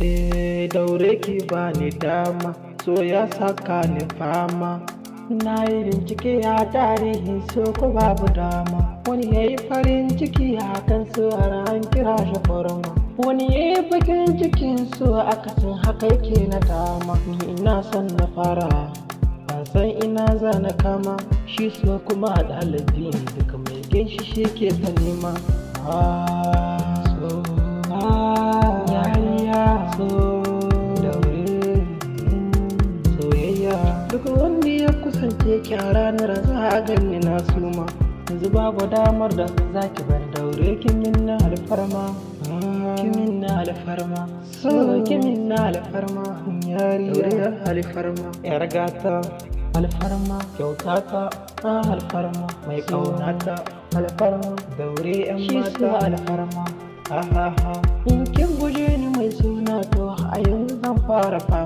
Eh daure ki bani dama so ya saka ni fama na yi bincike a tarihi so ko babu dama wani ya yi farin ciki a kan su ran kira shi korona wani ya yi bakin cikin su akasin haka yake na dama ni ina son na fara Ba san ina za na kama shi so kuma a ɗalibi duka mai shi shi ke ta nema ah. duk wanda ya kusance ki a ranar za a ganni na suma yanzu babu damar da za ki bar daure ki na alfarma ki na alfarma so ki na alfarma yariya alfarma yar gata alfarma kyautata ta alfarma mai ta alfarma daure yan mata alfarma ha ha in kin guje ni mai suna to a yanzu zan fara fara.